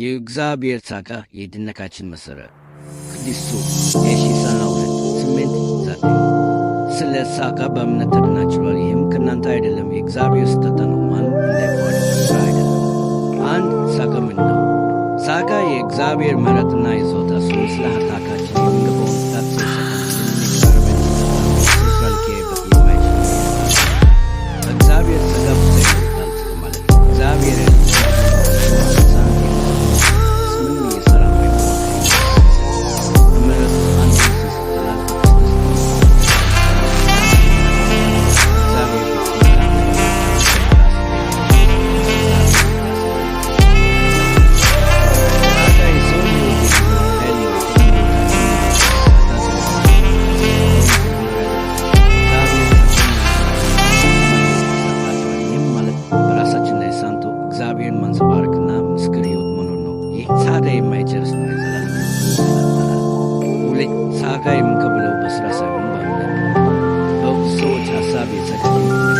የእግዚአብሔር ጸጋ የድነታችን መሠረት ክዲሱ የሺሳና ሁለት ስምንት ዘጠኝ ስለ ጸጋ በእምነት ተድናችኋል፣ ይህም ከእናንተ አይደለም፣ የእግዚአብሔር ስጦታ ነው፣ ማን አይደለም። አንድ ጸጋ ምንድን ነው? ጸጋ የእግዚአብሔር ምሕረትና ይዞታ ሲሆን ስለ ኃጢአታችን የሚገባ प्रेण मन्जबार्क नाम स्करियोत मनों नू ये चादय मैचरस नहीं जलाल में जलांतारा उले चागायम कबलो पस्रासा गूंगांतारा अव सोच आसा भी चाच्चा